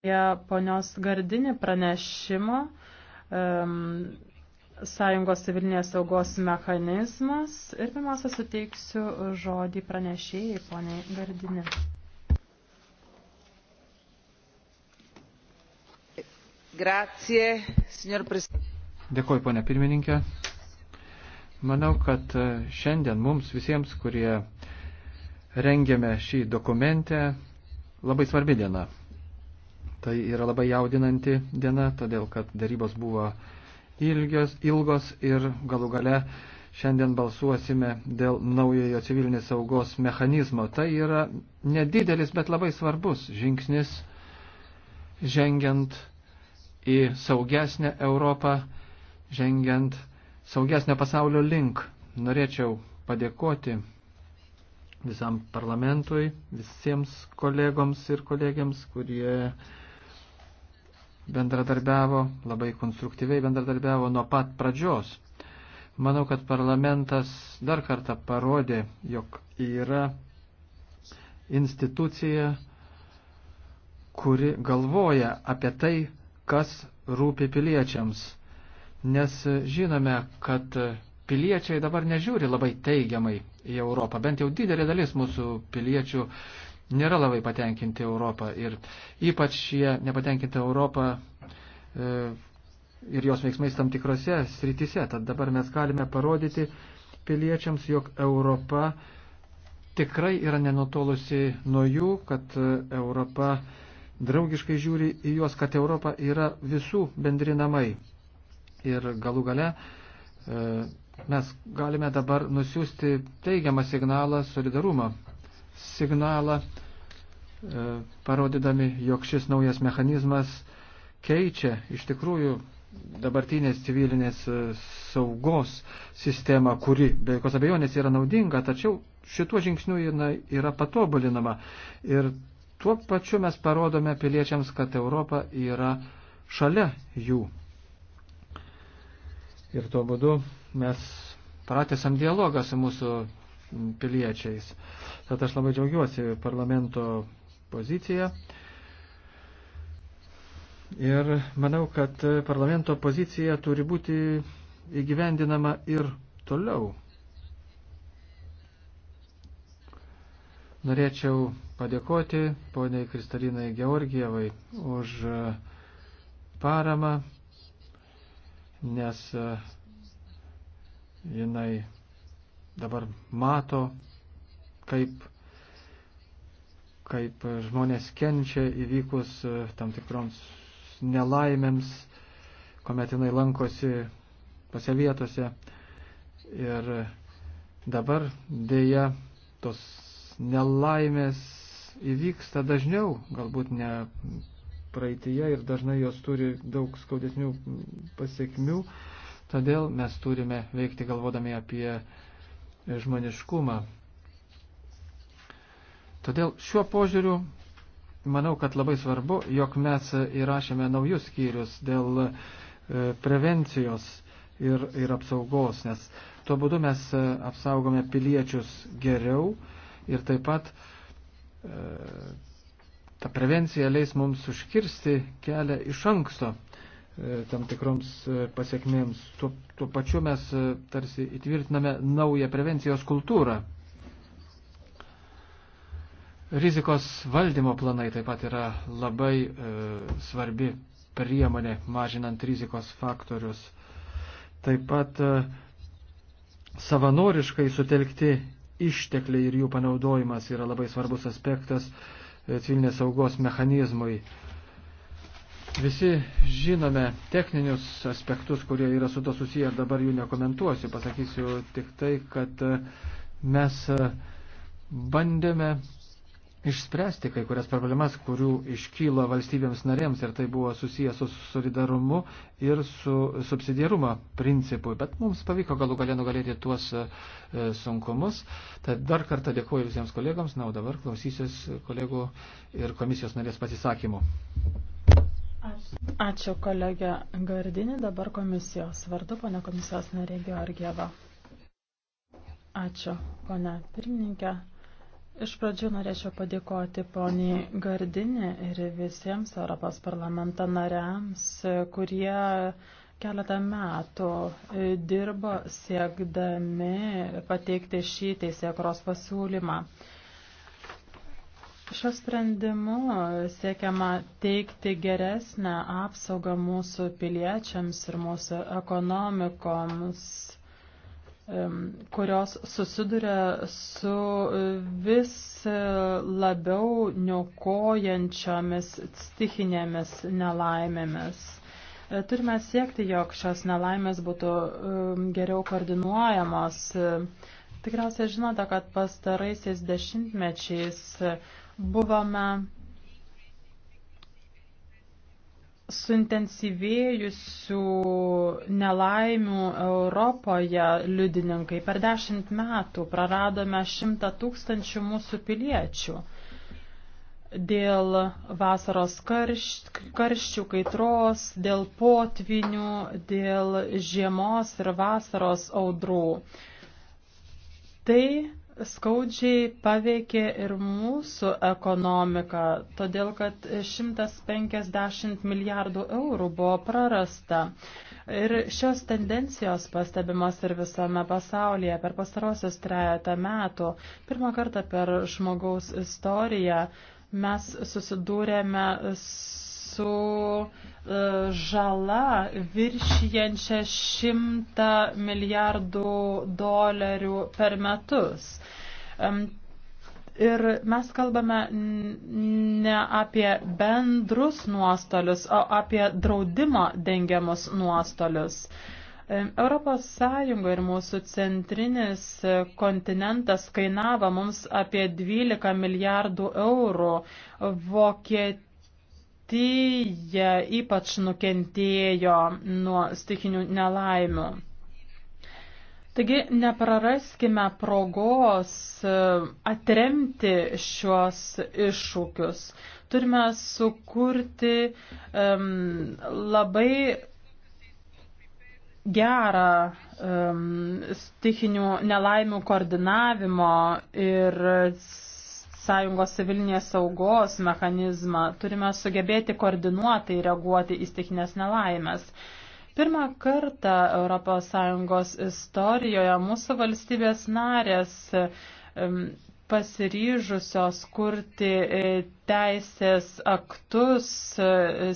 prie ponios Gardinį pranešimo um, Sąjungos civilinės saugos mechanizmas ir pirmiausia suteiksiu žodį pranešėjai poniai Gardinį. Grazie, signor Presidente. Dėkuoju, ponia pirmininkė. Manau, kad e, šiandien mums visiems, kurie rengėme šį dokumentę, labai svarbi diena. Tai yra labai jaudinanti diena, todėl kad darybos buvo ilgios, ilgos ir galų gale šiandien balsuosime dėl naujojo civilinės saugos mechanizmo. Tai yra nedidelis, bet labai svarbus žingsnis žengiant į saugesnę Europą, žengiant saugesnio pasaulio link. Norėčiau padėkoti visam parlamentui, visiems kolegoms ir kolegiams, kurie bendradarbiavo, labai konstruktyviai bendradarbiavo nuo pat pradžios. Manau, kad parlamentas dar kartą parodė, jog yra institucija, kuri galvoja apie tai, kas rūpi piliečiams. Nes žinome, kad piliečiai dabar nežiūri labai teigiamai į Europą. Bent jau didelė dalis mūsų piliečių nėra labai patenkinti Europą ir ypač jie nepatenkinti Europą e, ir jos veiksmais tam tikrose srityse. Tad dabar mes galime parodyti piliečiams, jog Europa tikrai yra nenutolusi nuo jų, kad e, Europa draugiškai žiūri į juos, kad Europa yra visų bendri namai. Ir galų gale e, mes galime dabar nusiųsti teigiamą signalą solidarumą signalą, e, parodydami, jog šis naujas mechanizmas keičia iš tikrųjų dabartinės civilinės e, saugos sistemą, kuri be jokios abejonės yra naudinga, tačiau šituo žingsniu jinai yra patobulinama. Ir tuo pačiu mes parodome piliečiams, kad Europa yra šalia jų. Ir tuo būdu mes pratesam dialogą su mūsų piliečiais. Tad aš labai džiaugiuosi parlamento poziciją. Ir manau, kad parlamento pozicija turi būti įgyvendinama ir toliau. Norėčiau padėkoti poniai Kristalinai Georgievai už paramą, nes jinai dabar mato, kaip, kaip žmonės kenčia įvykus e, tam tikroms nelaimėms, kuomet jinai lankosi tose vietose. Ir dabar dėja tos nelaimės įvyksta dažniau, galbūt ne praeitie ir dažnai jos turi daug skaudesnių pasiekmių. Todėl mes turime veikti galvodami apie žmoniškumą. Todėl šiuo požiūriu manau, kad labai svarbu, jog mes įrašėme naujus skyrius dėl e, prevencijos ir, ir apsaugos, nes tuo būdu mes e, apsaugome piliečius geriau ir taip pat e, ta prevencija leis mums užkirsti kelią iš anksto E, tam tikroms e, pasiekmėms. Tuo, tuo pačiu mes e, tarsi įtvirtiname naują prevencijos kultūrą. Rizikos valdymo planai taip pat yra labai e, svarbi priemonė mažinant rizikos faktorius. Taip pat e, savanoriškai sutelkti ištekliai ir jų panaudojimas yra labai svarbus aspektas civilinės saugos mechanizmui. E, Visi žinome techninius aspektus, kurie yra su to susiję, dabar jų nekomentuosiu, pasakysiu tik tai, kad e, mes e, bandėme išspręsti kai kurias problemas, kurių iškyla valstybėms narėms ir tai buvo susijęs su solidarumu ir su subsidiarumo principu. Bet mums pavyko galų galę nugalėti tuos e, sunkumus. Tad dar kartą dėkuoju visiems kolegams, na, o dabar klausysis kolegų ir komisijos narės pasisakymų. Ačiū kolegė Gardinė, dabar komisijos vardu, ponė komisijos narė Georgieva. Ačiū, ponė pirmininkė. Iš pradžių norėčiau padėkoti poniai Gardinė ir visiems Europos parlamento nariams, kurie keletą metų dirbo siekdami pateikti šį teisėkros pasiūlymą. Šiuo sprendimu siekiama teikti geresnę apsaugą mūsų piliečiams ir mūsų ekonomikoms kurios susiduria su vis labiau niokojančiomis stichinėmis nelaimėmis. Turime siekti, jog šios nelaimės būtų geriau koordinuojamos. Tikriausiai žinote, kad pastaraisiais dešimtmečiais buvome suintensyvėjusių nelaimių Europoje liudininkai. Per dešimt metų praradome šimtą tūkstančių mūsų piliečių. Dėl vasaros karš, karščių kaitros, dėl potvinių, dėl žiemos ir vasaros audrų. Tai skaudžiai paveikė ir mūsų ekonomiką, todėl kad 150 milijardų eurų buvo prarasta. Ir šios tendencijos pastebimos ir visame pasaulyje per pastarosius trejata metų. Pirmą kartą per žmogaus istoriją mes susidūrėme su žala viršijančia 100 milijardų dolerių per metus. Ir mes kalbame ne apie bendrus nuostolius, o apie draudimo dengiamus nuostolius. Europos Sąjunga ir mūsų centrinis kontinentas kainavo mums apie 12 milijardų eurų. Vokietija Vokietija ypač nukentėjo nuo stikinių nelaimių. Taigi nepraraskime progos e, atremti šiuos iššūkius. Turime sukurti um, labai gerą um, stichinių nelaimių koordinavimo ir ES civilinės saugos mechanizmą, turime sugebėti koordinuotai reaguoti į stikinės nelaimės. Pirmą kartą ES istorijoje mūsų valstybės narės pasiryžusios kurti e, teisės aktus e,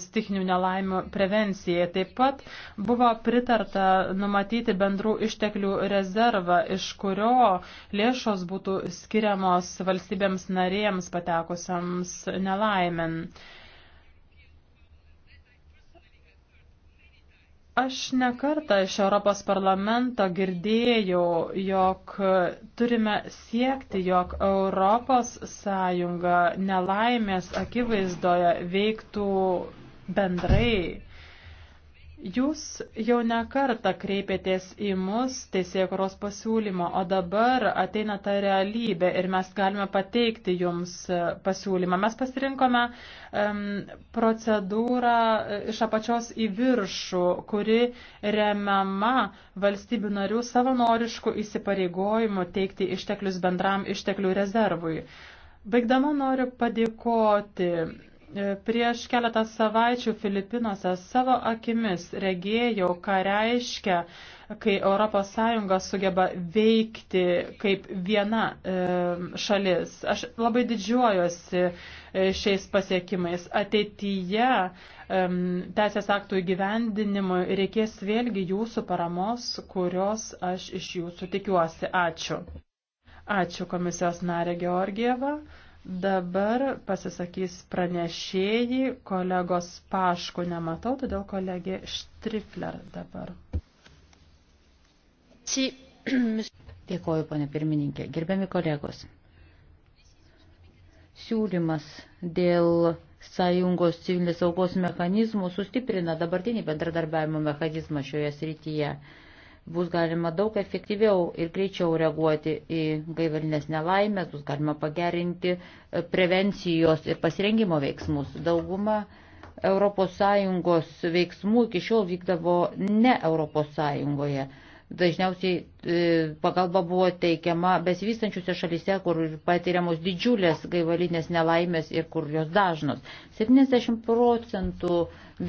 stikinių nelaimių prevencijai. Taip pat buvo pritarta numatyti bendrų išteklių rezervą, iš kurio lėšos būtų skiriamos valstybėms narėms patekusiams nelaimėms. Aš nekartą iš Europos parlamento girdėjau, jog turime siekti, jog Europos Sąjunga nelaimės akivaizdoje veiktų bendrai. Jūs jau ne kartą kreipėtės į mus teisėkuros pasiūlymo, o dabar ateina ta realybė ir mes galime pateikti jums e, pasiūlymą. Mes pasirinkome um, procedūrą e, iš apačios į viršų, kuri remiama valstybių narių savanoriškų įsipareigojimų teikti išteklius bendram išteklių rezervui. Baigdama noriu padėkoti Prieš keletą savaičių Filipinuose savo akimis regėjau, ką reiškia, kai ES sugeba veikti kaip viena e, šalis. Aš labai didžiuojuosi e, šiais pasiekimais. Ateityje e, teisės aktų įgyvendinimui reikės vėlgi jūsų paramos, kurios aš iš jūsų tikiuosi. Ačiū. Ačiū komisijos narė Georgieva. Dabar pasisakys pranešėjai, kolegos Paškų nematau, todėl kolegė Štrifler dabar. Dėkoju, ponė pirmininkė. Gerbiami kolegos, siūlymas dėl sąjungos civilinės saugos mechanizmų sustiprina dabartinį bendradarbiavimo mechanizmą šioje srityje bus galima daug efektyviau ir greičiau reaguoti į gaivalinės nelaimės, bus galima pagerinti e, prevencijos ir pasirengimo veiksmus. Dauguma ES veiksmų iki šiol vykdavo ne ES. Dažniausiai e, pagalba buvo teikiama besivystančiuose šalyse, kur patiriamos didžiulės gaivalinės nelaimės ir kur jos dažnos. 70 procentų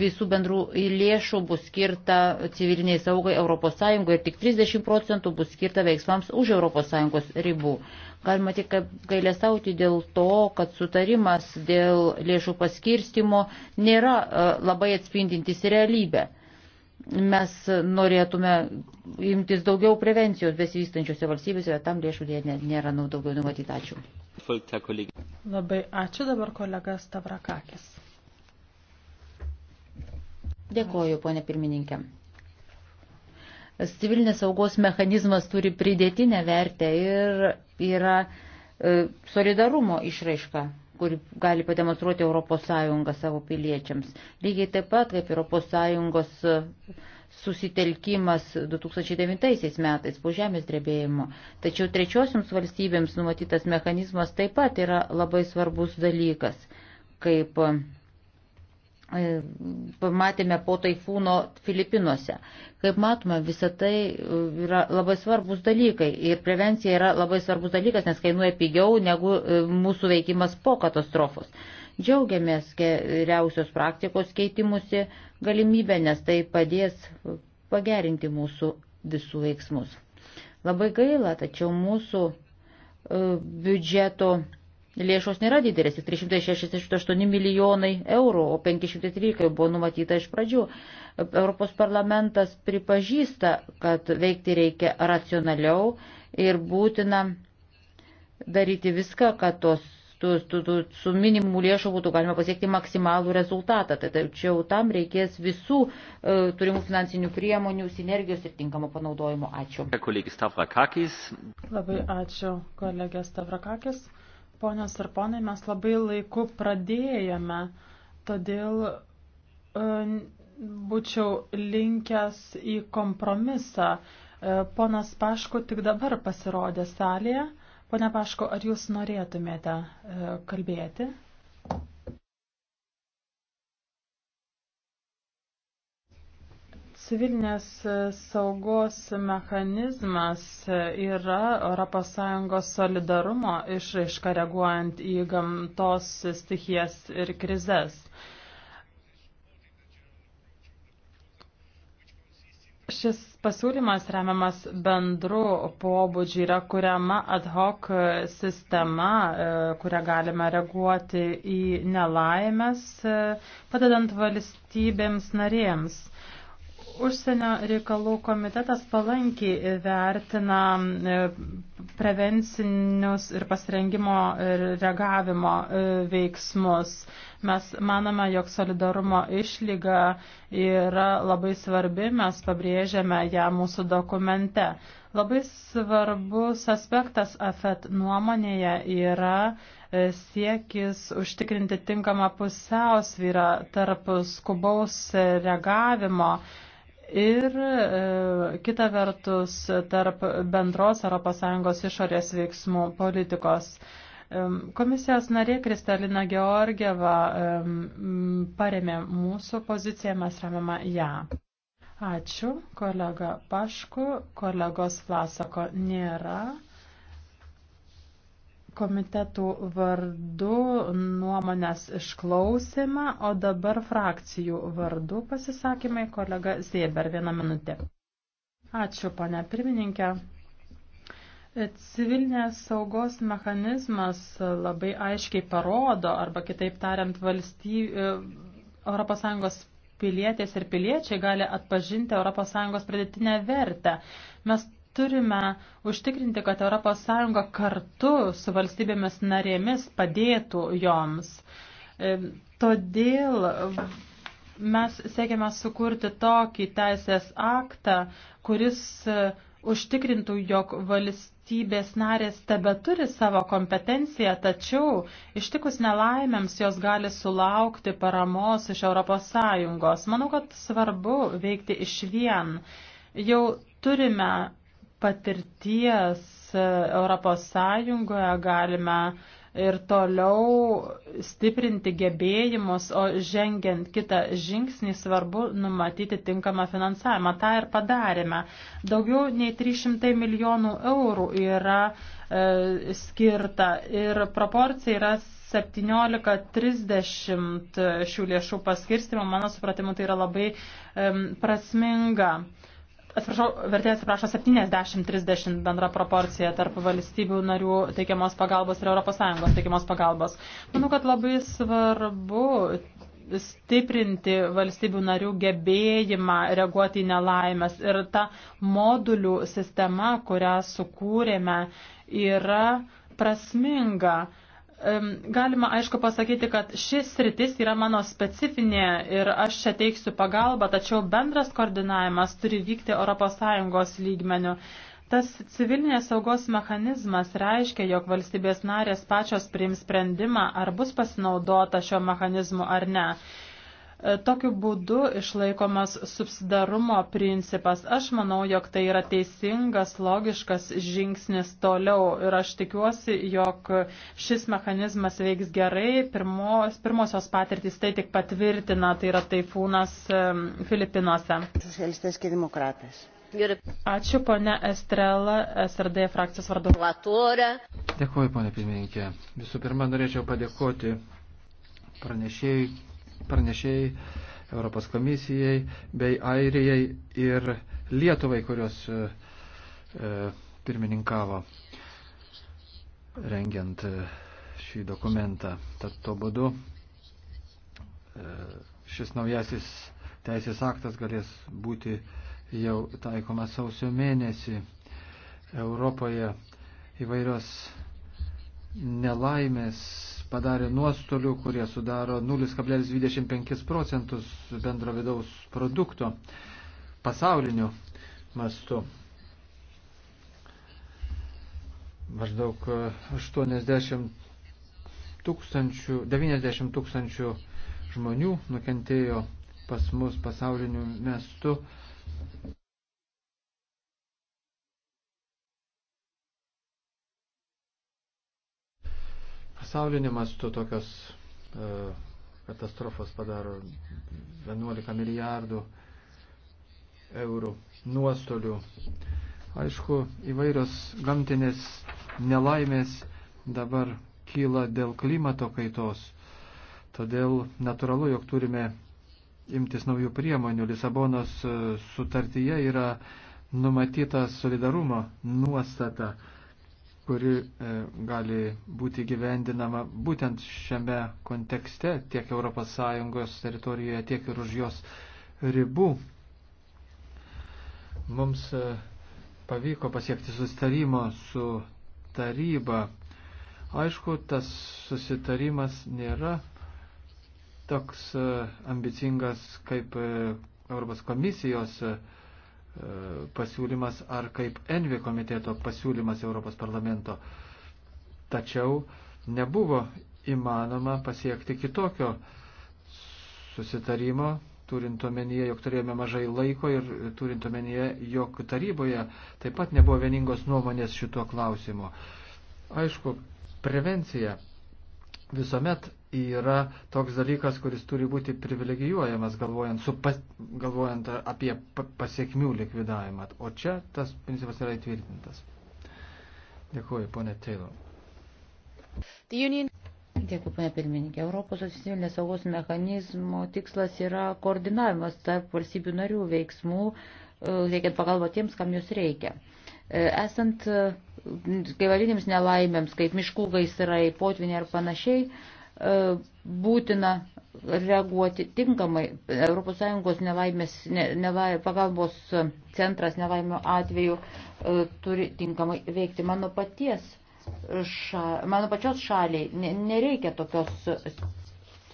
visų bendrų lėšų bus skirta civiliniai saugai ES ir tik 30 procentų bus skirta veiksmams už ES ribų. Galima tik gailestauti dėl to, kad sutarimas dėl lėšų paskirstimo nėra e, labai atspindintis realybę mes norėtume imtis daugiau prevencijos besivystančiose valstybėse, bet tam lėšų dėje nėra nu, daugiau numatyta. Ačiū. Labai ačiū dabar kolega Stavrakakis. Dėkoju, ponė pirmininkė. Civilinės saugos mechanizmas turi pridėtinę vertę ir yra e, solidarumo išraiška kurį gali pademonstruoti ES savo piliečiams. Lygiai taip pat kaip ES e, susitelkimas 2009 metais po žemės drebėjimo. Tačiau trečiosioms valstybėms numatytas mechanizmas taip pat yra labai svarbus dalykas, kaip e, E, pamatėme po taifūno Filipinuose. Kaip matome, visa tai e, yra labai svarbus dalykai ir prevencija yra labai svarbus dalykas, nes kainuoja pigiau negu e, mūsų veikimas po katastrofos. Džiaugiamės geriausios praktikos keitimusi galimybę, nes tai padės pagerinti mūsų visų veiksmus. Labai gaila, tačiau mūsų biudžeto lėšos nėra didelės, tik 368 milijonai eurų, o 513 buvo numatyta iš pradžių. Europos parlamentas pripažįsta, kad veikti reikia racionaliau ir būtina daryti viską, kad tos tų, tų, tų, su minimumų lėšų būtų galima pasiekti maksimalų rezultatą. Tai tačiau tam reikės visų e, turimų finansinių priemonių, sinergijos ir tinkamo panaudojimo. Ačiū. Labai ačiū, kolegė Stavrakakis. Ponios ir ponai, mes labai laiku pradėjome, todėl e, būčiau linkęs į kompromisą. E, ponas Paško tik dabar pasirodė salėje. Pone Paško, ar jūs norėtumėte e, kalbėti? Civilinės saugos mechanizmas yra ES solidarumo išraiška reaguojant į gamtos stichijas ir krizes. Šis pasiūlymas remiamas bendru pobūdžiu yra kuriama ad hoc sistema, e, kurią galime reaguoti į nelaimės, e, padedant valstybėms narėms. Užsienio reikalų komitetas palankiai vertina e, prevencinius ir pasirengimo ir e, reagavimo e, veiksmus. Mes manome, jog solidarumo išlyga yra labai svarbi, mes pabrėžiame ją mūsų dokumente. Labai svarbus aspektas AFET nuomonėje yra siekis užtikrinti tinkamą pusiausvyrą tarp skubaus reagavimo Ir e, kita vertus, tarp bendros ES išorės veiksmų politikos. E, komisijos narė Kristalina Georgieva e, paremė mūsų poziciją, mes remiame ją. Ačiū, kolega Pašku, kolegos Vlasako nėra komitetų vardu nuomonės išklausimą, o dabar frakcijų vardu pasisakymai kolega Zieber vieną minutę. Ačiū, ponia pirmininkė. Civilinės saugos mechanizmas labai aiškiai parodo, arba kitaip tariant, valstyb... ES pilietės ir piliečiai gali atpažinti ES pridėtinę vertę. Mes turime užtikrinti, kad ES kartu su valstybėmis narėmis padėtų joms. E, todėl mes siekiame sukurti tokį teisės aktą, kuris e, užtikrintų, jog valstybės narės tebe turi savo kompetenciją, tačiau ištikus nelaimėms jos gali sulaukti paramos iš ES. Manau, kad svarbu veikti iš vien. Jau turime patirties e, Europos Sąjungoje galime ir toliau stiprinti gebėjimus, o žengiant kitą žingsnį svarbu numatyti tinkamą finansavimą. Ta ir padarėme. Daugiau nei 300 milijonų eurų yra e, skirta ir proporcija yra 17.30 šių lėšų paskirstimo. Mano supratimu, tai yra labai e, prasminga. E, atsiprašau, vertė atsiprašo 70-30 bendra proporcija tarp valstybių narių teikiamos pagalbos ir ES teikiamos pagalbos. Manau, kad labai svarbu stiprinti valstybių narių gebėjimą reaguoti į nelaimės. Ir ta modulių sistema, kurią sukūrėme, yra prasminga. Galima aišku pasakyti, kad šis sritis yra mano specifinė ir aš čia teiksiu pagalbą, tačiau bendras koordinavimas turi vykti ES lygmeniu. Tas civilinės saugos mechanizmas reiškia, jog valstybės narės pačios priims sprendimą, ar bus pasinaudota šio mechanizmu ar ne. E, tokiu būdu išlaikomas subsidarumo principas. Aš manau, jog tai yra teisingas, logiškas žingsnis toliau ir aš tikiuosi, jog šis mechanizmas veiks gerai. Pirmos, pirmosios patirtys tai tik patvirtina, tai yra taifūnas e, Filipinuose. Socialistas ir demokratas. Ačiū, ponė Estrela, SRD frakcijos vardu. Dėkuoju, ponė pirmininkė. Visų pirma, norėčiau padėkoti pranešėjai pranešėjai, Europos komisijai bei Airijai ir Lietuvai, kurios e, e pirmininkavo rengiant e, šį dokumentą. Tad to būdu e, šis naujasis teisės aktas galės būti jau taikomas sausio mėnesį. Europoje įvairios nelaimės padarė nuostolių, kurie sudaro 0,25 procentus bendro vidaus produkto pasauliniu mastu. Maždaug 80 tūkstančių, 90 tūkstančių žmonių nukentėjo pas mus pasauliniu mestu Pasauliniu mastu tokios e, katastrofos padaro 11 milijardų eurų nuostolių. Aišku, įvairios gamtinės nelaimės dabar kyla dėl klimato kaitos. Todėl natūralu, jog turime imtis naujų priemonių. Lisabonos e, sutartyje yra numatyta solidarumo nuostata kuri e, gali būti gyvendinama būtent šiame kontekste tiek ES teritorijoje, tiek ir už jos ribų. Mums e, pavyko pasiekti susitarimo su taryba. Aišku, tas susitarimas nėra toks e, ambicingas kaip Europos komisijos pasiūlymas ar kaip Envi komiteto pasiūlymas Europos parlamento. Tačiau nebuvo įmanoma pasiekti kitokio susitarimo, turint omenyje, jog turėjome mažai laiko ir turint omenyje, jog taryboje taip pat nebuvo vieningos nuomonės šituo klausimu. Aišku, prevencija visuomet yra toks dalykas, kuris turi būti privilegijuojamas, galvojant, su, pas, galvojant apie pasiekmių likvidavimą. O čia tas principas yra įtvirtintas. Dėkuoju, ponė Taylor. Union... Dėkui, ponė pirmininkė. Europos socialinės saugos mechanizmo tikslas yra koordinavimas tarp valstybių narių veiksmų, e, teikiant pagalbą tiems, kam jūs reikia. E, esant gaivalinėms e, nelaimėms, kaip miškų gaisrai, potviniai ar panašiai, E, būtina reaguoti tinkamai. ES nelaimės, ne, nelai, pagalbos centras nelaimio atveju e, turi tinkamai veikti. Mano, paties, ša, mano pačios šaliai ne, nereikia tokios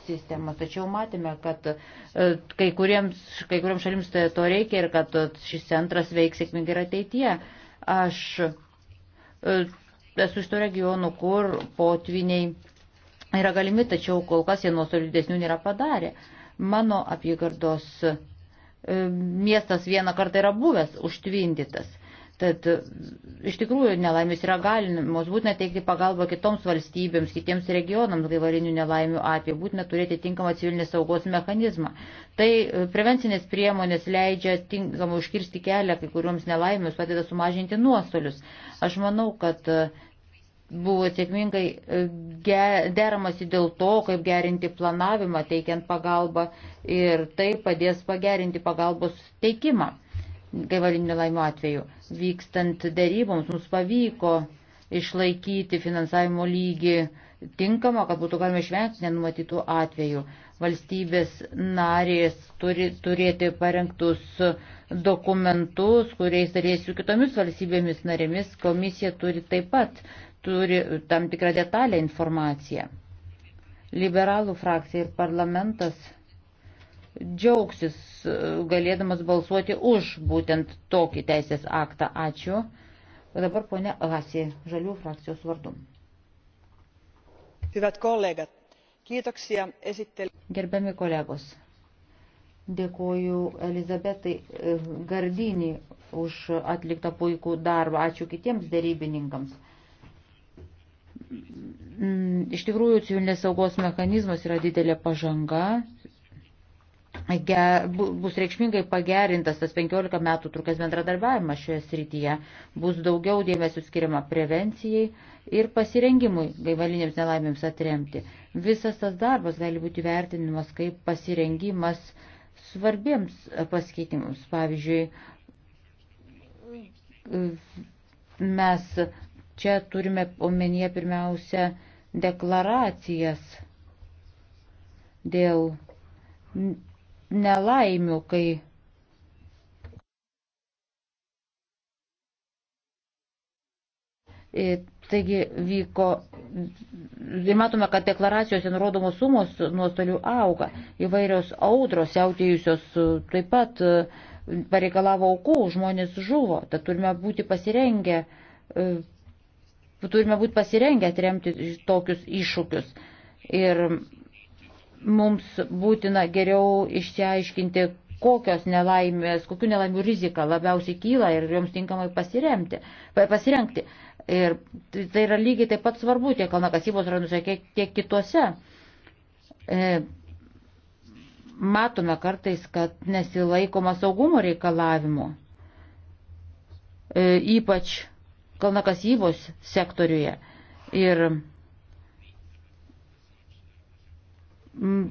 sistemos, tačiau matėme, kad e, kai kuriems, kai kuriems šalims tai to reikia ir kad šis centras veiks sėkmingai ir ateityje. Aš e, esu iš to regionų, kur potviniai yra galimi, tačiau kol kas jie nuostolių didesnių nėra padarę. Mano apygardos e, miestas vieną kartą yra buvęs užtvindytas. Tad e, iš tikrųjų nelaimės yra galimos, būtina teikti pagalbą kitoms valstybėms, kitiems regionams gaivarinių nelaimių atveju, būtina turėti tinkamą civilinės saugos mechanizmą. Tai e, prevencinės priemonės leidžia tinkamai užkirsti kelią kai kuriuoms nelaimėms, padeda sumažinti nuostolius. Aš manau, kad e, buvo sėkmingai e, deramasi dėl to, kaip gerinti planavimą, teikiant pagalbą ir tai padės pagerinti pagalbos teikimą gaivalinių laimų atveju. Vykstant daryboms mums pavyko išlaikyti finansavimo lygį tinkamą, kad būtų galima išvengti nenumatytų atvejų. Valstybės narės turi turėti parengtus dokumentus, kuriais darėsiu kitomis valstybėmis narėmis. Komisija turi taip pat turi tam tikrą detalę informaciją. Liberalų frakcija ir parlamentas džiaugsis e, galėdamas balsuoti už būtent tokį teisės aktą. Ačiū. Dabar ponė Lasi, žalių frakcijos vardu. Hyvät kollegat, kiitoksia esittely. Gerbiami kolegos, dėkoju Elizabetai e, Gardinį už atliktą puikų darbą. Ačiū kitiems dėrybininkams. Mm, iš tikrųjų, civilinės saugos mechanizmas yra didelė pažanga. Ger, bus reikšmingai pagerintas tas 15 metų trukęs bendradarbiavimas šioje srityje. Bus daugiau dėmesio skiriama prevencijai ir pasirengimui gaivalinėms nelaimėms atremti. Visas tas darbas gali būti vertinimas kaip pasirengimas svarbiems paskeitimams. Pavyzdžiui, mes Čia turime omenyje pirmiausia deklaracijas dėl nelaimių, kai e, Taigi vyko, ir matome, kad deklaracijose nurodomos sumos nuostolių auga, įvairios audros jautėjusios e, taip pat e, pareikalavo aukų, žmonės žuvo, tad turime būti pasirengę turime būti pasirengę atremti tokius iššūkius. Ir mums būtina geriau išsiaiškinti, kokios nelaimės, kokių nelaimių rizika labiausiai kyla ir joms tinkamai pasiremti, pasirengti. Ir tai yra lygiai taip pat svarbu tiek kalnakasybos rajonuose, tiek, tiek kituose. E, matome kartais, kad nesilaikoma saugumo reikalavimu. E, ypač kalnakasybos sektoriuje. Ir mm,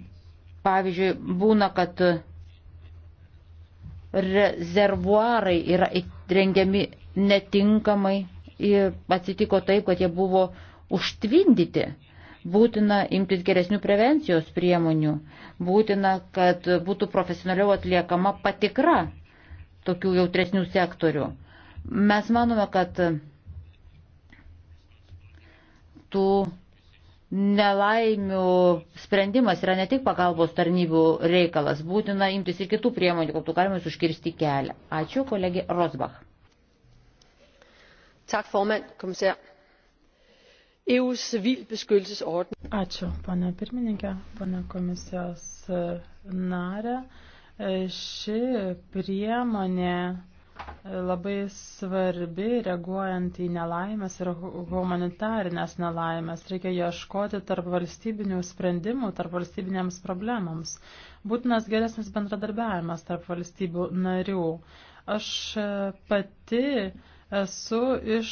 pavyzdžiui, būna, kad rezervuarai yra įrengiami netinkamai ir atsitiko taip, kad jie buvo užtvindyti. Būtina imtis geresnių prevencijos priemonių, būtina, kad būtų profesionaliau atliekama patikra tokių jautresnių sektorių. Mes manome, kad tų nelaimių sprendimas yra ne tik pagalbos tarnybų reikalas, būtina imtis ir kitų priemonių, kad galima užkirsti kelią. Ačiū, kolegė Rosbach. Tak, formand, komisar. EU's civilbeskyttelsesordning. Ačiū, pana pirmininkė, pana komisijos e, narė. E, ši priemonė labai svarbi reaguojant į nelaimės ir humanitarinės nelaimės. Reikia ieškoti tarp valstybinių sprendimų, tarp valstybinėms problemams. Būtinas geresnis bendradarbiavimas tarp valstybių narių. Aš e, pati esu iš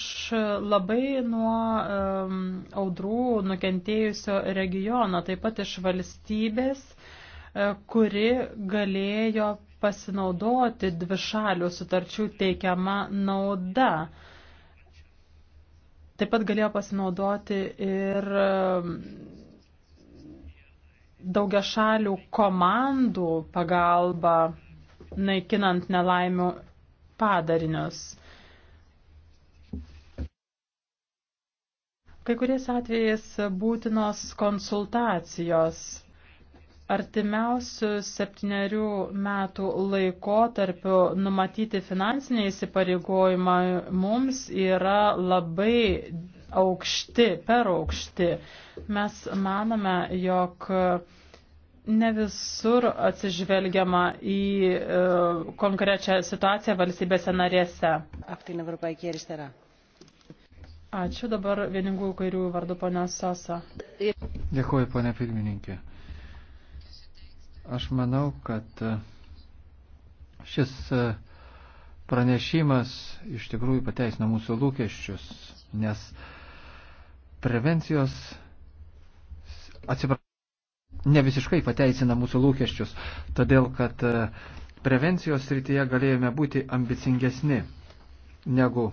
labai nuo um, audrų nukentėjusio regiono, taip pat iš valstybės, e, kuri galėjo pasinaudoti dvišalių sutarčių teikiama nauda. Taip pat galėjo pasinaudoti ir um, daugia šalių komandų pagalba naikinant nelaimių padarinius. Kai kuriais atvejais būtinos konsultacijos artimiausių septyniarių metų laikotarpiu numatyti finansiniai įsipareigojimai mums yra labai aukšti, per aukšti. Mes manome, jog ne visur atsižvelgiama į e, konkrečią situaciją valstybėse narėse. Ačiū dabar vieningų kairių vardu ponia Sosa. Dėkuoju, ponia pirmininkė. Aš manau, kad e, šis e, pranešimas iš tikrųjų pateisino mūsų lūkesčius, nes prevencijos, atsiprašau, ne visiškai pateisina mūsų lūkesčius, todėl kad e, prevencijos srityje galėjome būti ambicingesni, negu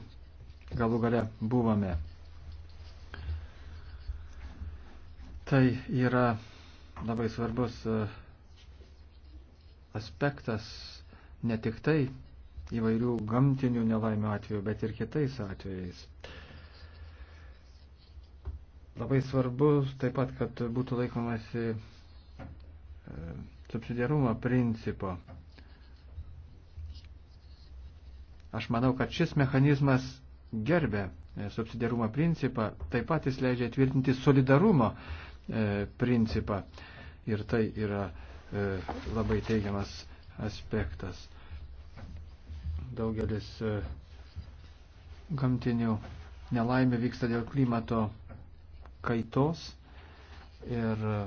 galų gale buvome. Tai yra labai svarbus uh, aspektas ne tik tai įvairių gamtinių nelaimių atveju, bet ir kitais atvejais. Labai svarbu taip pat, kad būtų laikomasi e, subsidiarumo principo. Aš manau, kad šis mechanizmas gerbė e, subsidiarumo principą, taip pat jis leidžia tvirtinti solidarumo e, principą. Ir tai yra e, E, labai teigiamas aspektas. Daugelis e, gamtinių nelaimė vyksta dėl klimato kaitos ir e,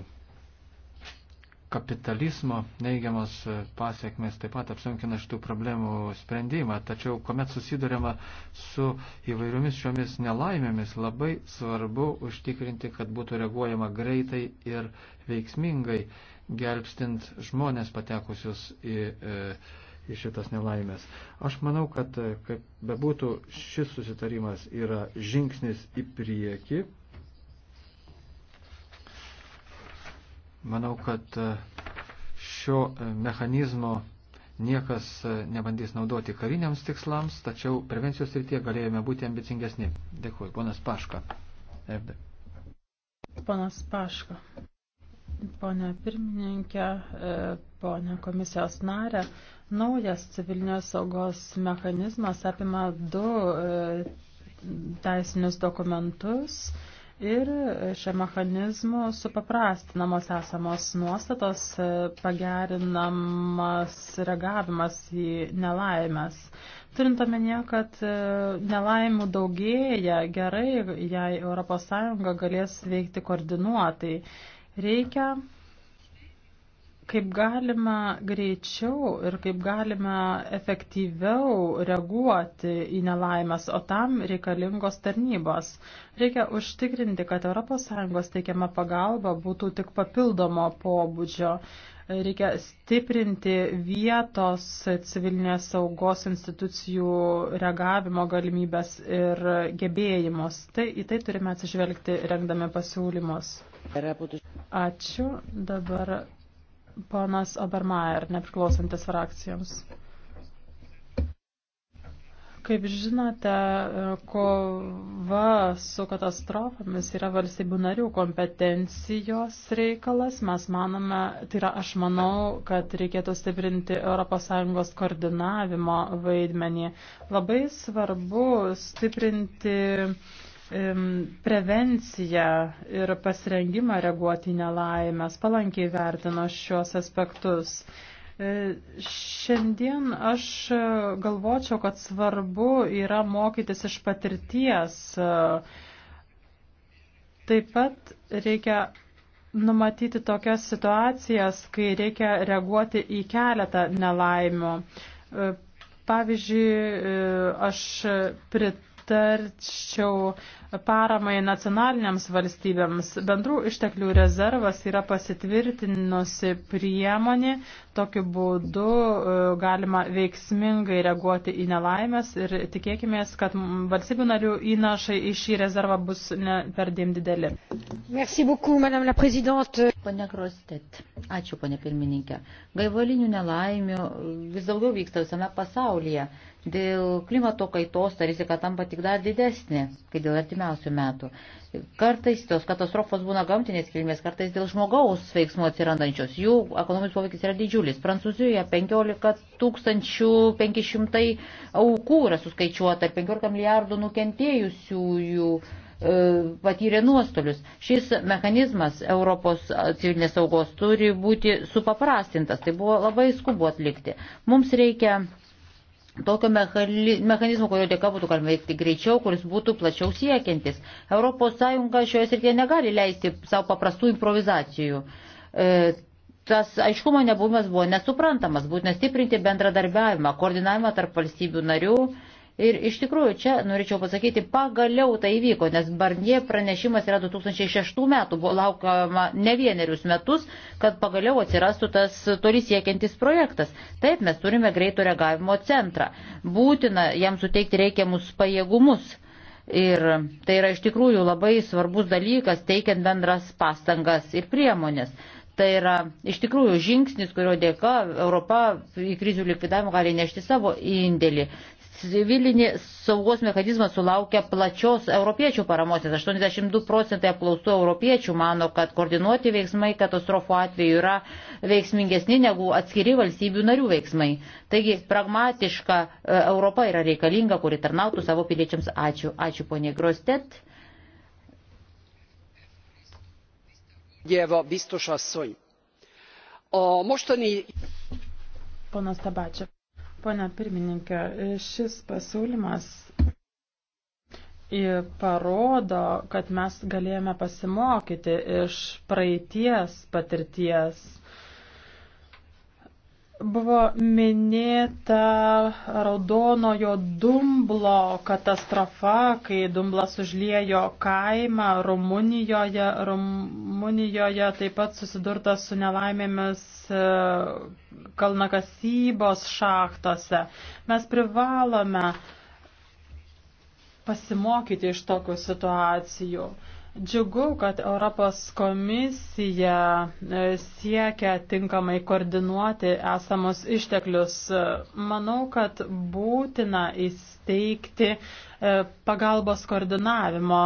kapitalizmo neigiamas pasiekmes taip pat apsunkina šitų problemų sprendimą. Tačiau, kuomet susidurėma su įvairiomis šiomis nelaimėmis, labai svarbu užtikrinti, kad būtų reaguojama greitai ir veiksmingai gelbstint žmonės patekusius į, e, į šitas nelaimės. Aš manau, kad e, kaip bebūtų, šis susitarimas yra žingsnis į priekį. Manau, kad e, šio mechanizmo niekas nebandys naudoti kariniams tikslams, tačiau prevencijos srityje galėjome būti ambicingesni. Dėkuoju, ponas Paška. Erdė. Ponas Paška. Pone pirmininkė, e, pone komisijos narė, naujas civilinės saugos mechanizmas apima du e, teisinius dokumentus ir šio mechanizmo supaprastinamos esamos nuostatos, e, pagerinamas reagavimas į nelaimės. Turint omenyje, kad nelaimų daugėja, gerai, jei ES galės veikti koordinuotai. Reikia kaip galima greičiau ir kaip galima efektyviau reaguoti į nelaimės, o tam reikalingos tarnybos. Reikia užtikrinti, kad ES teikiama pagalba būtų tik papildomo pobūdžio. Reikia stiprinti vietos civilinės saugos institucijų reagavimo galimybės ir gebėjimus. Tai į tai turime atsižvelgti rengdami pasiūlymus. Ačiū. Dabar ponas Obermeier, nepriklausantis frakcijoms. Kaip žinote, kova su katastrofomis yra valstybių narių kompetencijos reikalas. Mes manome, tai yra, aš manau, kad reikėtų stiprinti ES koordinavimo vaidmenį. Labai svarbu stiprinti uh, prevenciją ir pasirengimą reaguoti į nelaimės, palankiai vertino šios aspektus. E, šiandien aš galvočiau, kad svarbu yra mokytis iš patirties. Taip pat reikia numatyti tokias situacijas, kai reikia reaguoti į keletą nelaimių. E, pavyzdžiui, e, aš prit aptarčiau paramai nacionaliniams valstybėms. Bendrų išteklių rezervas yra pasitvirtinusi priemonė. Tokiu būdu e, galima veiksmingai reaguoti į nelaimės ir tikėkime, kad valstybių narių įnašai į šį rezervą bus ne per dėm dideli. Merci beaucoup, madame la présidente. Pane Krostet, ačiū, pane pirmininkė. Gaivalinių nelaimių vis daugiau vyksta visame pasaulyje. Dėl klimato kaitos ta rizika tampa tik dar didesnė, kai dėl artimiausių metų. Kartais tos katastrofos būna gamtinės kilmės, kartais dėl žmogaus veiksmų atsirandančios. Jų ekonominis poveikis yra didžiulis. Prancūzijoje 15 500 aukų yra suskaičiuota ir 15 milijardų nukentėjusiųjų e, patyrė nuostolius. Šis mechanizmas Europos civilinės saugos turi būti supaprastintas. Tai buvo labai skubu atlikti. Mums reikia tokio mechanizmo, kurio dėka būtų galima veikti greičiau, kuris būtų plačiau siekiantis. ES šioje srityje negali leisti savo paprastų improvizacijų. E, tas aiškumo nebuvimas buvo nesuprantamas, būtina stiprinti bendradarbiavimą, koordinavimą tarp valstybių narių Ir iš tikrųjų čia norėčiau pasakyti, pagaliau tai įvyko, nes Barnie pranešimas yra 2006 metų, buvo laukama ne vienerius metus, kad pagaliau atsirastų tas toli siekiantis projektas. Taip, mes turime greito reagavimo centrą. Būtina jam suteikti reikiamus pajėgumus. Ir tai yra iš tikrųjų labai svarbus dalykas, teikiant bendras pastangas ir priemonės. Tai yra iš tikrųjų žingsnis, kurio dėka Europa į krizių likvidavimą gali nešti savo indėlį civilinė saugos mechanizmas sulaukia plačios europiečių paramos. 82 procentai aplaustų europiečių mano, kad koordinuoti veiksmai katastrofų atveju yra veiksmingesni negu atskiri valstybių narių veiksmai. Taigi pragmatiška e, Europa yra reikalinga, kuri tarnautų savo piliečiams. Ačiū. Ačiū ponė Grostet. Jeva, biztos asszony. A mostani... Ponas Tabácsak. Pone pirmininkė, šis pasiūlymas parodo, kad mes galėjome pasimokyti iš praeities patirties Buvo minėta raudonojo dumblo katastrofa, kai dumblas užliejo kaimą Rumunijoje. Rumunijoje taip pat susidurta su nelaimėmis e, kalnakasybos šachtose. Mes privalome pasimokyti iš tokių situacijų. Džiugu, kad Europos komisija e, siekia tinkamai koordinuoti esamus išteklius. E, manau, kad būtina įsteigti e, pagalbos koordinavimo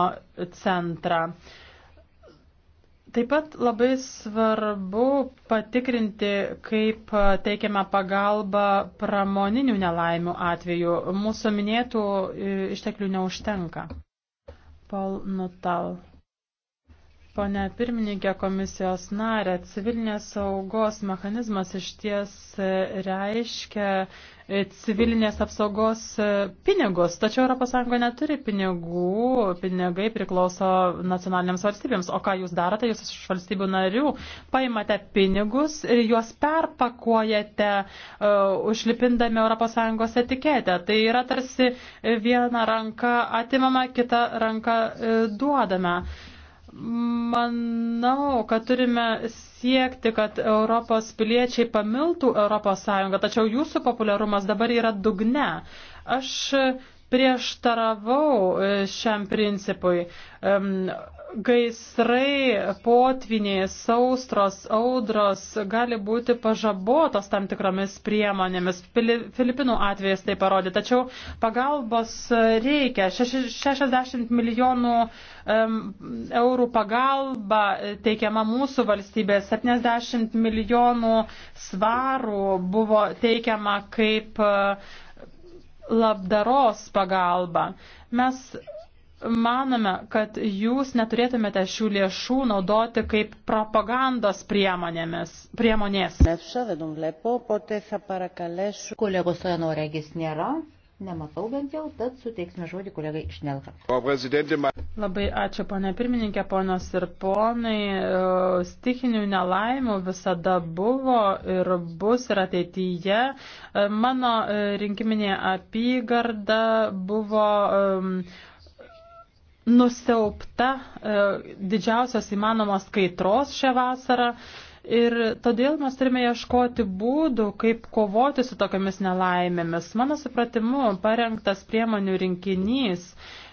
centrą. Taip pat labai svarbu patikrinti, kaip teikiame pagalbą pramoninių nelaimių atveju. Mūsų minėtų išteklių neužtenka. Paul Nuttall. Pone pirmininkė komisijos narė, civilinės saugos mechanizmas iš ties reiškia e, civilinės apsaugos e, pinigus, tačiau ES neturi pinigų, pinigai priklauso nacionaliniams valstybėms. O ką jūs darote, jūs iš valstybių narių paimate pinigus ir juos perpakuojate, uh, užlipindami ES etiketę. Tai yra tarsi viena ranka atimama, kita ranka uh, duodama. Uh, Manau, kad turime siekti, kad Europos piliečiai pamiltų Europos Sąjungą, tačiau jūsų populiarumas dabar yra dugne. Aš prieštaravau e, šiam principui gaisrai, potviniai, saustros, audros gali būti pažabotos tam tikromis priemonėmis. Filipinų atvejas tai parodė, tačiau pagalbos reikia. 60 milijonų um, eurų pagalba teikiama mūsų valstybė, 70 milijonų svarų buvo teikiama kaip e, labdaros pagalba. Mes manome, kad jūs neturėtumėte šių lėšų naudoti kaip propagandos priemonės. Kolegos to regis nėra. Nematau bent jau, tad suteiksime žodį kolegai Šnelka. Labai ačiū, ponė pirmininkė, ponios ir ponai. E, stichinių nelaimų visada buvo ir bus ir ateityje. E, mano e, rinkiminė apygarda buvo um, nusiaupta e, didžiausios įmanomos kaitros šią vasarą. Ir todėl mes turime ieškoti būdų, kaip kovoti su tokiamis nelaimėmis. Mano supratimu, parengtas priemonių rinkinys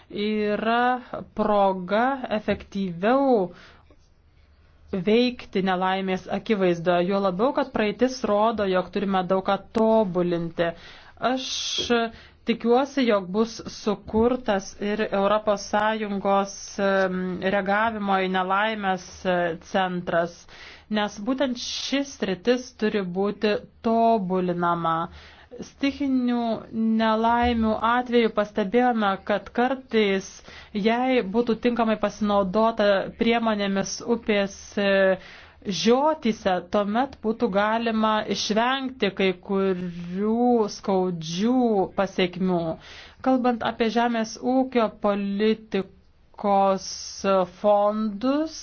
yra proga efektyviau veikti nelaimės akivaizdoje, juo labiau, kad praeitis rodo, jog turime daug ką tobulinti. Aš Tikiuosi, jog bus sukurtas ir ES reagavimo į nelaimės e, centras, nes būtent šis rytis turi būti tobulinama. Stichinių nelaimių atveju pastebėjome, kad kartais, jei būtų tinkamai pasinaudota priemonėmis upės e, žiotise, tuomet būtų galima išvengti kai kurių skaudžių pasiekmių. Kalbant apie žemės ūkio politikos fondus,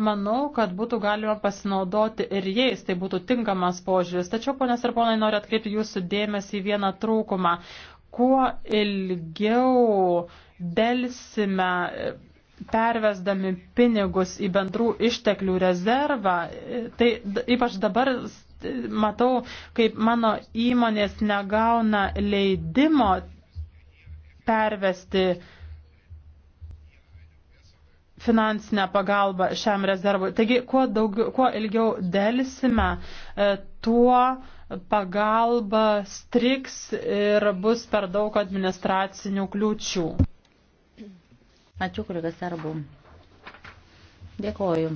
manau, kad būtų galima pasinaudoti ir jais, tai būtų tinkamas požiūris. Tačiau, ponės ir ponai, noriu atkreipti jūsų dėmesį į vieną trūkumą. Kuo ilgiau dėlsime pervesdami pinigus į bendrų išteklių rezervą, tai ypač dabar matau, kaip mano įmonės negauna leidimo pervesti finansinę pagalbą šiam rezervui. Taigi, kuo, daugiau, kuo ilgiau dėlsime, e, tuo pagalba striks ir bus per daug administracinių kliūčių. Ačiū, kolega Sarbu. Dėkoju.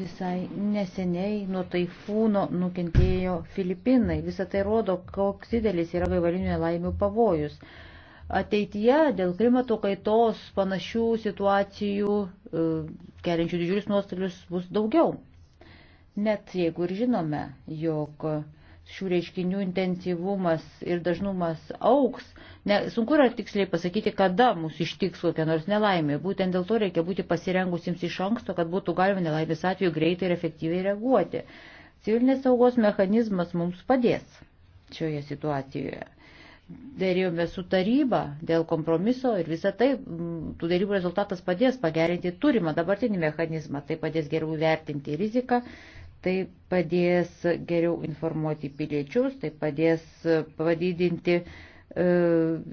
Visai neseniai nuo taifūno nukentėjo Filipinai. Visą tai rodo, koks didelis yra gaivalinių nelaimių pavojus. Ateityje dėl klimato kaitos panašių situacijų, e, keliančių didžiulius nuostolius, bus daugiau. Net jeigu ir žinome, jog šių reiškinių intensyvumas ir dažnumas auks, ne, sunku yra tiksliai pasakyti, kada mūsų ištiks kokia nors nelaimė. Būtent dėl to reikia būti pasirengusiems iš anksto, kad būtų galima nelaimės atveju greitai ir efektyviai reaguoti. Civilinės saugos mechanizmas mums padės šioje situacijoje. Dėrėjome su taryba dėl kompromiso ir visą tai, tų dėrybų rezultatas padės pagerinti turimą dabartinį mechanizmą, tai padės geriau vertinti riziką Tai padės geriau informuoti piliečius, tai padės padidinti e,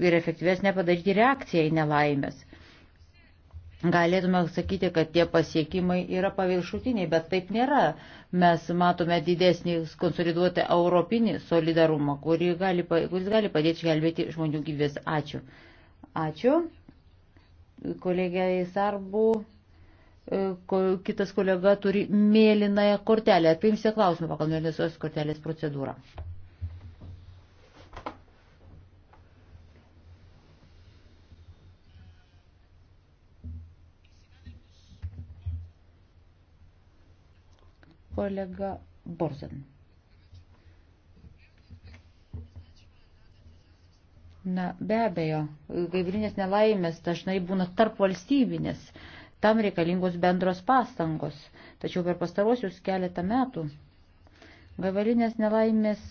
ir efektyvesnę padaryti reakciją į nelaimės. Galėtume sakyti, kad tie pasiekimai yra paviršutiniai, bet taip nėra. Mes matome didesnį konsoliduotą europinį solidarumą, kuris gali, kuris gali padėti išgelbėti žmonių gyvės. Ačiū. Ačiū. Kolegiai Sarbu. E, kitas kolega turi mėlynąją kortelę. Ar priimsite klausimą pagal mėlynosios kortelės procedūrą? Kolega Borzen. Na, be abejo, gaivalinės nelaimės dažnai būna tarp valstybinės. Uh, Tam reikalingos bendros pastangos. Tačiau per pastarosius keletą metų gavarinės nelaimės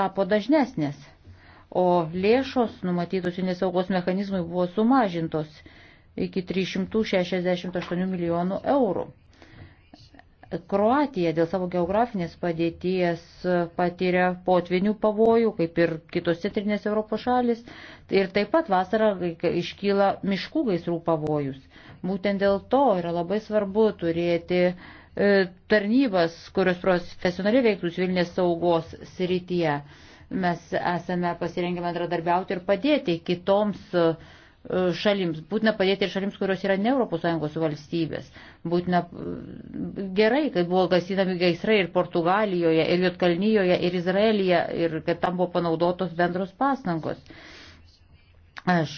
tapo dažnesnės, o lėšos numatytos nesaugos mechanizmui buvo sumažintos iki 368 milijonų eurų. Kroatija dėl savo geografinės padėties patiria potvinių pavojų, kaip ir kitos centrinės Europos šalis. Ir taip pat vasarą iškyla miškų gaisrų pavojus. Būtent dėl to yra labai svarbu turėti e, tarnybas, kurios profesionaliai veiktų civilinės saugos srityje. Mes esame pasirengę bendradarbiauti ir padėti kitoms uh, šalims, būtina padėti ir šalims, kurios yra ne ES valstybės. Būtina gerai, kad buvo gasinami gaisrai ir Portugalijoje, ir Jotkalnyjoje, ir Izraelija, ir kad tam buvo panaudotos bendros pastangos. Aš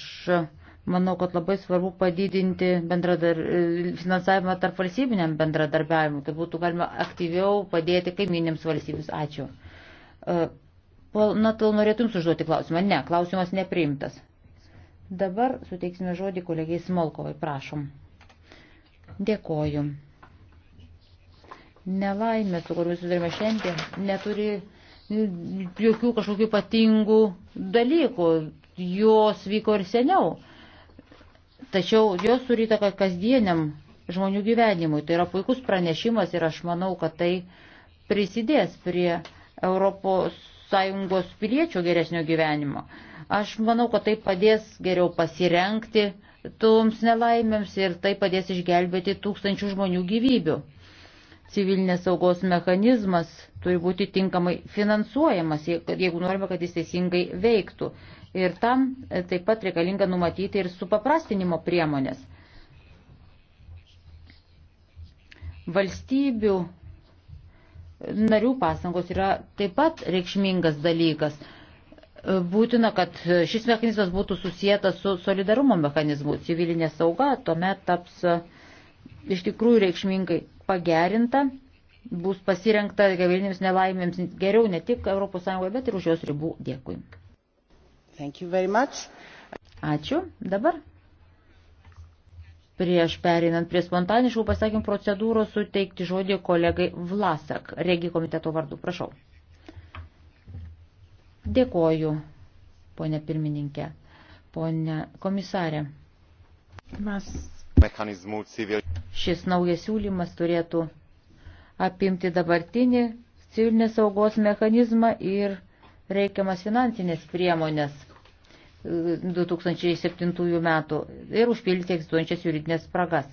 manau, kad labai svarbu padidinti bendradar... finansavimą tarp valstybiniam bendradarbiavimui, kad būtų galima aktyviau padėti kaiminėms valstybėms. Ačiū. Na, tu norėtum užduoti klausimą? Ne, klausimas nepriimtas. Dabar suteiksime žodį kolegiai Smolkovai, prašom. Dėkoju. Nelaimė, su kuriomis sudarėme šiandien, neturi jokių kažkokių ypatingų dalykų. Jos vyko ir seniau. Tačiau jos turi įtaką kasdieniam žmonių gyvenimui. Tai yra puikus pranešimas ir aš manau, kad tai prisidės prie Europos Sąjungos piliečių geresnio gyvenimo. Uh, Aš manau, kad tai padės geriau pasirenkti toms nelaimėms ir tai padės išgelbėti tūkstančių žmonių gyvybių. Civilinės saugos mechanizmas turi būti tinkamai finansuojamas, jeigu norime, kad jis teisingai veiktų. Ir tam e, taip pat reikalinga numatyti ir supaprastinimo priemonės. Valstybių narių pasangos yra taip pat reikšmingas dalykas būtina, kad šis mechanizmas būtų susijęs su solidarumo mechanizmu. Civilinė sauga tuomet taps e, iš tikrųjų reikšmingai pagerinta, bus pasirengta gaivalinėms nelaimėms geriau ne tik ES, bet ir už jos ribų. Dėkui. Ačiū. Dabar. Prieš perinant prie spontaniškų pasakymų procedūros suteikti žodį kolegai Vlasak, regi komiteto vardu. Prašau. Dėkoju, ponė pirmininkė, ponė komisarė. Mes. Šis naujas siūlymas turėtų apimti dabartinį civilinės saugos mechanizmą ir reikiamas finansinės priemonės 2007 e, metų ir užpildyti egzistuojančias juridinės spragas.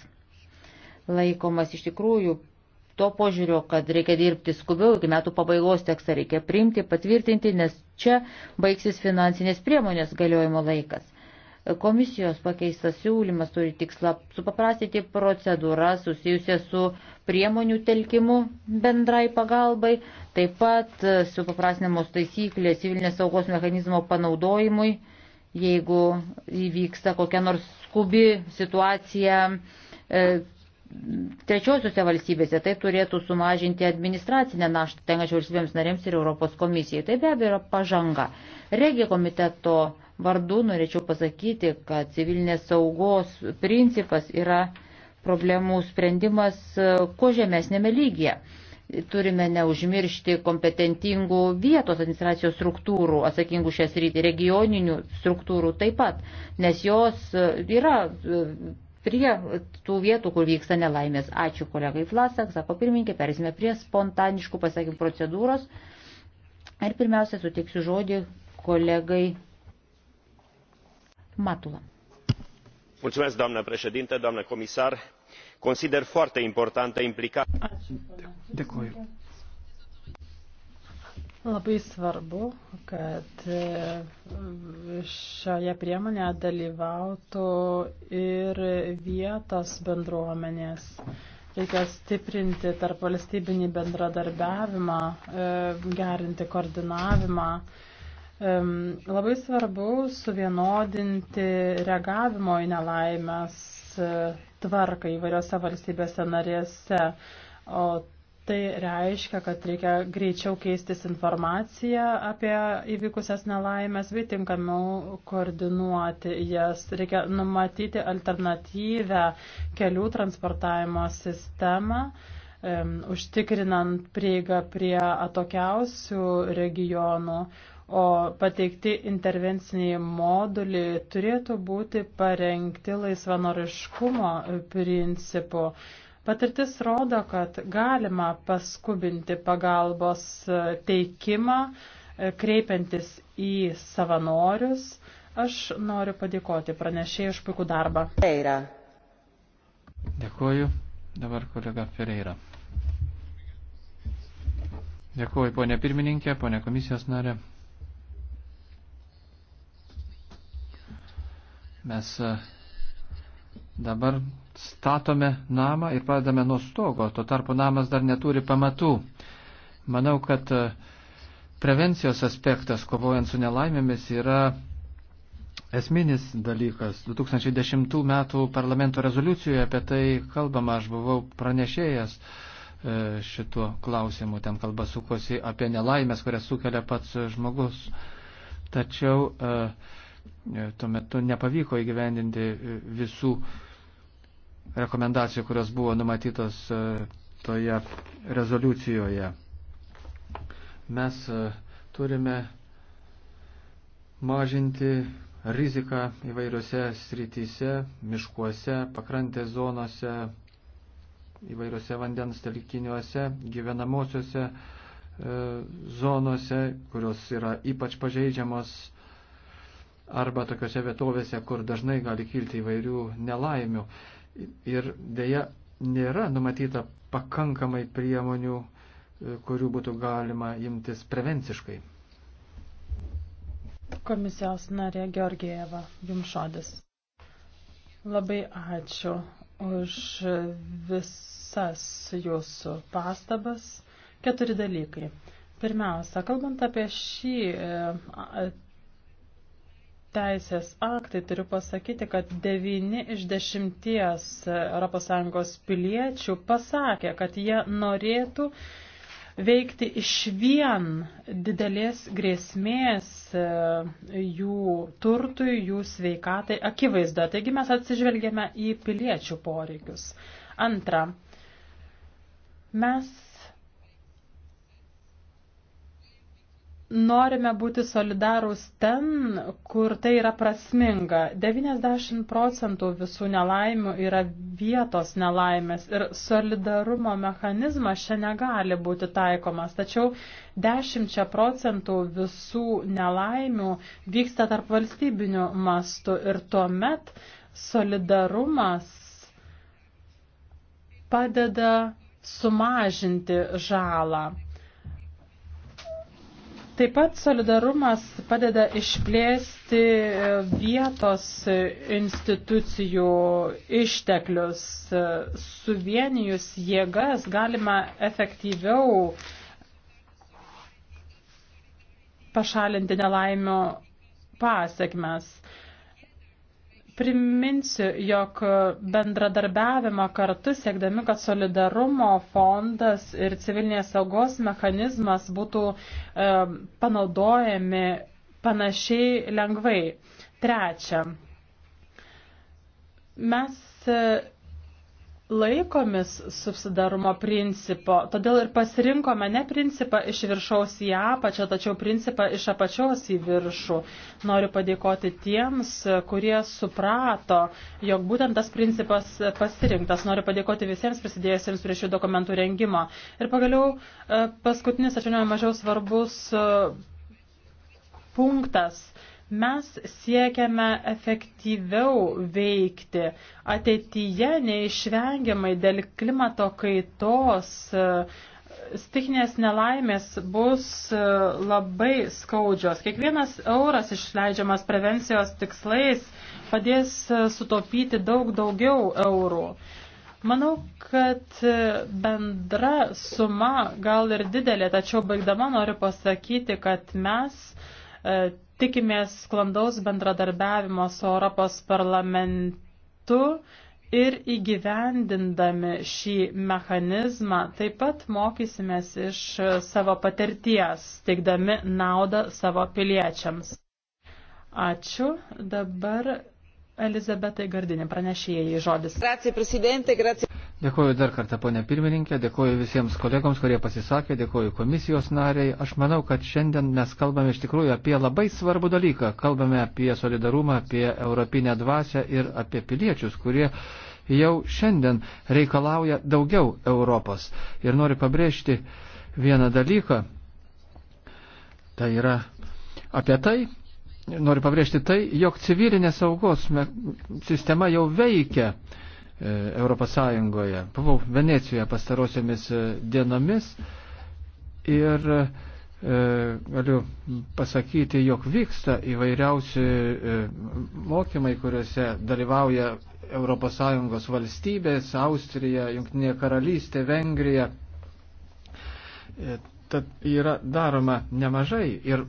Laikomas iš tikrųjų to požiūrio, kad reikia dirbti skubiau, iki metų pabaigos tekstą reikia priimti, patvirtinti, nes čia baigsis finansinės priemonės galiojimo laikas. Komisijos pakeistas siūlymas turi tikslą supaprastinti procedūrą susijusią su priemonių telkimu bendrai pagalbai, taip pat supaprastinamos taisyklės civilinės saugos mechanizmo panaudojimui, jeigu įvyksta kokia nors skubi situacija e, trečiosiuose valstybėse tai turėtų sumažinti administracinę naštą tenkačią valstybėms narėms ir Europos komisijai. Tai be abejo yra pažanga. Regio komiteto vardu norėčiau pasakyti, kad civilinės saugos principas yra problemų sprendimas e, kuo žemesnėme lygyje. Turime neužmiršti kompetentingų vietos administracijos struktūrų, atsakingų šią sritį, regioninių struktūrų taip pat, nes jos e, yra e, prie tų vietų, kur vyksta nelaimės. Ačiū kolegai Flasak, sako pirmininkė, perėsime prie spontaniškų pasakymų procedūros. Ir pirmiausia, suteiksiu žodį kolegai Matula. Mulțumesc, doamnă președinte, doamnă comisar. Consider foarte importantă implicarea. Dėkuoju. Labai svarbu, kad e, šioje priemonėje dalyvautų ir vietos bendruomenės. Reikia stiprinti tarp valstybinį bendradarbiavimą, e, gerinti koordinavimą. E, labai svarbu suvienodinti reagavimo į nelaimės tvarką įvairiose valstybėse narėse. O Tai reiškia, kad reikia greičiau keistis informaciją apie įvykusias nelaimės, bei tinkamiau koordinuoti jas. Reikia numatyti alternatyvę kelių transportavimo sistemą, um, užtikrinant prieigą prie atokiausių regionų, o pateikti intervenciniai moduliai turėtų būti parengti laisvanoriškumo principu. Um, Patirtis rodo, kad galima paskubinti pagalbos teikimą, e, kreipiantis į savanorius. Aš noriu padėkoti pranešėjai už puikų darbą. Pereira. Dėkuoju. Dabar kolega Pereira. Dėkuoju, ponė pirmininkė, ponė komisijos narė. Mes e, dabar statome namą ir pradedame nuo stogo, tuo tarpu namas dar neturi pamatų. Manau, kad e, prevencijos aspektas, kovojant su nelaimėmis, yra esminis dalykas. 2010 metų parlamento rezoliucijoje apie tai kalbama, aš buvau pranešėjęs e, šituo klausimu, ten kalba sukosi apie nelaimės, kurias sukelia pats žmogus. Tačiau e, tuo metu nepavyko įgyvendinti visų rekomendacijų, kurios buvo numatytos e, toje rezoliucijoje. Mes e, turime mažinti riziką įvairiose srityse, miškuose, pakrantės zonose, įvairiose vandens telkiniuose, gyvenamosiuose e, zonose, kurios yra ypač pažeidžiamos, arba tokiuose vietovėse, kur dažnai gali kilti įvairių nelaimių. E, ir dėja nėra numatyta pakankamai priemonių, e, kurių būtų galima imtis prevenciškai. Komisijos narė Georgieva, jums šodis. Labai ačiū už visas jūsų pastabas. Keturi dalykai. Pirmiausia, kalbant apie šį e, teisės aktai, turiu pasakyti, kad 9 iš 10 ES piliečių pasakė, kad jie norėtų veikti iš vien didelės grėsmės e, jų turtui, jų sveikatai akivaizdo. Taigi mes atsižvelgėme į piliečių poreikius. Antra, mes norime būti solidarūs ten, kur tai yra prasminga. 90 procentų visų nelaimių yra vietos nelaimės ir solidarumo mechanizmas čia negali būti taikomas. Tačiau 10 procentų visų nelaimių vyksta tarp valstybinių mastų ir tuomet solidarumas padeda sumažinti žalą. Taip pat solidarumas padeda išplėsti e, vietos e, institucijų išteklius. E, suvienijus jėgas galima efektyviau pašalinti nelaimių pasiekmes. Priminsiu, jog bendradarbiavimą kartu siekdami, kad solidarumo fondas ir civilinės saugos mechanizmas būtų e, panaudojami panašiai lengvai. Trečia, mes e, laikomės subsidarumo principo, todėl ir pasirinkome ne principą iš viršaus į apačią, tačiau principą iš apačios į viršų. Noriu padėkoti tiems, kurie suprato, jog būtent tas principas pasirinktas. Noriu padėkoti visiems prisidėjusiems prie šių dokumentų rengimo. Ir pagaliau e, paskutinis, tačiau ne mažiau svarbus e, punktas Mes siekiame efektyviau veikti. Ateityje neišvengiamai dėl klimato kaitos e, stiknės nelaimės bus e, labai skaudžios. Kiekvienas euras išleidžiamas prevencijos tikslais padės e, sutaupyti daug daugiau eurų. Manau, kad bendra suma gal ir didelė, tačiau baigdama noriu pasakyti, kad mes uh, E, tikimės sklandaus bendradarbiavimo su Europos parlamentu ir įgyvendindami šį mechanizmą taip pat mokysimės iš savo patirties, teikdami naudą savo piliečiams. Ačiū. Dabar Elizabetai Gardinė, pranešėjai žodis. Grazie, prezidente, grazie. Dėkuoju dar kartą, ponė pirmininkė, dėkuoju visiems kolegoms, kurie pasisakė, dėkuoju komisijos nariai. Aš manau, kad šiandien mes kalbame iš tikrųjų apie labai svarbų dalyką. Kalbame apie solidarumą, apie europinę dvasę ir apie piliečius, kurie jau šiandien reikalauja daugiau Europos. Ir noriu pabrėžti vieną dalyką. Tai yra apie tai, noriu pabrėžti tai, jog civilinės saugos sistema jau veikia e, Europos Sąjungoje. Buvau Venecijoje pastarosiomis e, dienomis ir e, galiu pasakyti, jog vyksta įvairiausi mokymai, kuriuose dalyvauja ES valstybės, Austrija, Junktinė karalystė, Vengrija. Tad yra daroma nemažai ir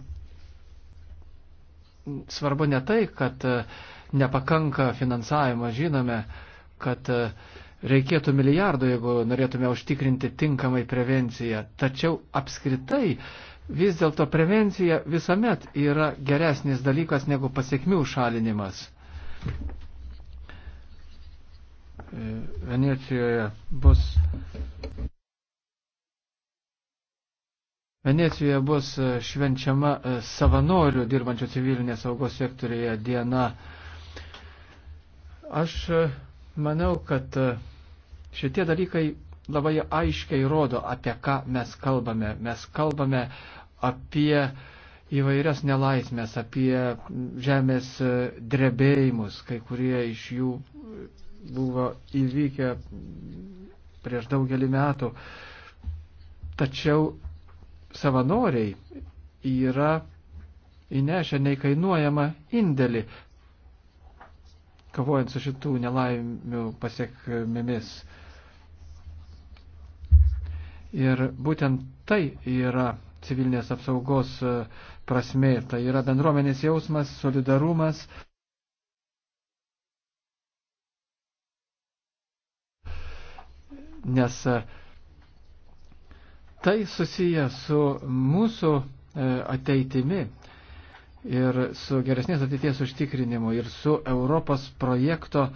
svarbu ne tai, kad e, nepakanka finansavimo, žinome, kad e, reikėtų milijardo, jeigu norėtume užtikrinti tinkamai prevenciją. Tačiau apskritai vis dėlto prevencija visuomet yra geresnis dalykas negu pasiekmių šalinimas. E, Venecijoje bus Venecijoje bus e, švenčiama e, savanorių dirbančių civilinės saugos sektorėje diena. Aš e, manau, kad šitie dalykai labai aiškiai rodo, apie ką mes kalbame. Mes kalbame apie įvairias nelaismės, apie žemės drebėjimus, kai kurie iš jų buvo įvykę prieš daugelį metų. Tačiau savanoriai yra įnešę neįkainuojamą indėlį, kovojant su šitų nelaimių pasiekmėmis. Ir būtent tai yra civilinės apsaugos e, prasme, tai yra bendruomenės jausmas, solidarumas. Nes e, Tai susiję su mūsų e, ateitimi ir su geresnės ateities užtikrinimu ir su Europos projekto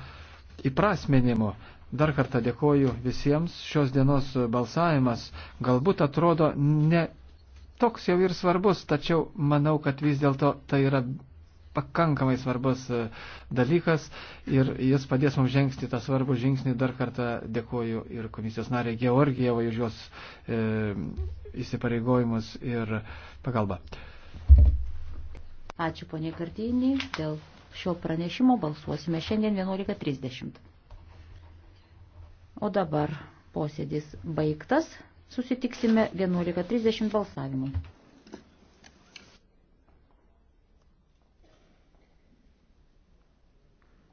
įprasmenimu. Dar kartą dėkoju visiems. Šios dienos balsavimas galbūt atrodo ne toks jau ir svarbus, tačiau manau, kad vis dėlto tai yra pakankamai svarbus e, dalykas ir jis padės mums žengti tą svarbų žingsnį. Dar kartą dėkoju ir komisijos nariai Georgijevai už jos e, įsipareigojimus ir pagalbą. Ačiū ponė Kardinį. Dėl šio pranešimo balsuosime šiandien 11.30. O dabar posėdis baigtas. Susitiksime 11.30 balsavimui.